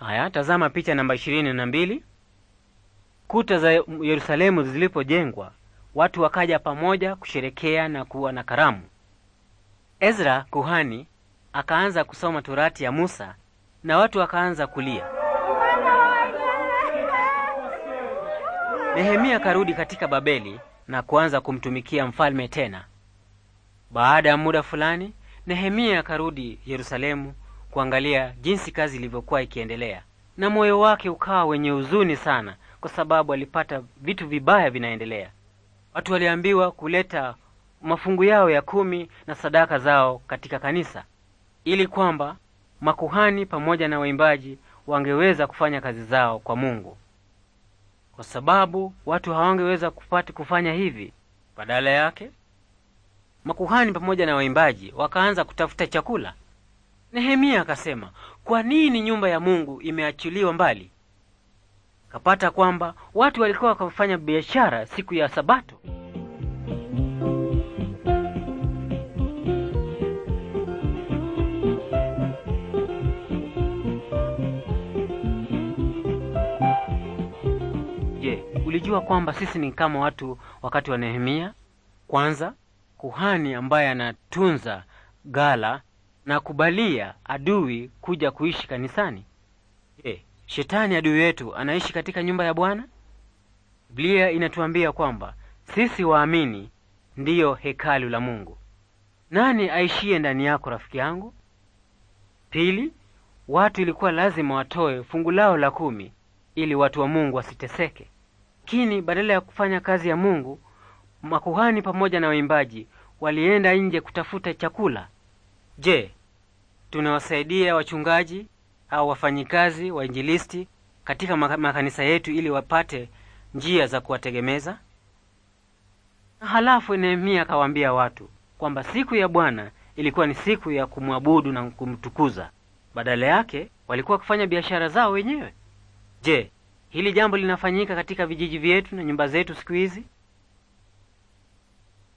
Haya, tazama picha namba ishirini na mbili. Kuta za Yerusalemu zilipojengwa, watu wakaja pamoja kusherekea na kuwa na karamu. Ezra kuhani akaanza kusoma torati ya Musa na watu wakaanza kulia. Nehemia akarudi katika Babeli na kuanza kumtumikia mfalme tena. Baada ya muda fulani, Nehemia akarudi Yerusalemu kuangalia jinsi kazi ilivyokuwa ikiendelea, na moyo wake ukawa wenye huzuni sana, kwa sababu alipata vitu vibaya vinaendelea. Watu waliambiwa kuleta mafungu yao ya kumi na sadaka zao katika kanisa ili kwamba makuhani pamoja na waimbaji wangeweza kufanya kazi zao kwa Mungu, kwa sababu watu hawangeweza kupati kufanya hivi. Badala yake, makuhani pamoja na waimbaji wakaanza kutafuta chakula Nehemia akasema, kwa nini nyumba ya Mungu imeachiliwa mbali? Kapata kwamba watu walikuwa wakafanya biashara siku ya Sabato. Je, ulijua kwamba sisi ni kama watu wakati wa Nehemia? Kwanza, kuhani ambaye anatunza gala nakubalia adui kuja kuishi kanisani? Je, shetani adui yetu anaishi katika nyumba ya Bwana? Biblia inatuambia kwamba sisi waamini ndiyo hekalu la Mungu. Nani aishiye ndani yako, rafiki yangu? Pili, watu ilikuwa lazima watoe fungu lao la kumi ili watu wa Mungu wasiteseke, lakini badala ya kufanya kazi ya Mungu, makuhani pamoja na waimbaji walienda nje kutafuta chakula. Je, tunawasaidia wachungaji au wafanyikazi wainjilisti katika makanisa yetu ili wapate njia za kuwategemeza. halafu Nehemia akawaambia watu kwamba siku ya Bwana ilikuwa ni siku ya kumwabudu na kumtukuza, badala yake walikuwa wakifanya biashara zao wenyewe. Je, hili jambo linafanyika katika vijiji vyetu na nyumba zetu siku hizi?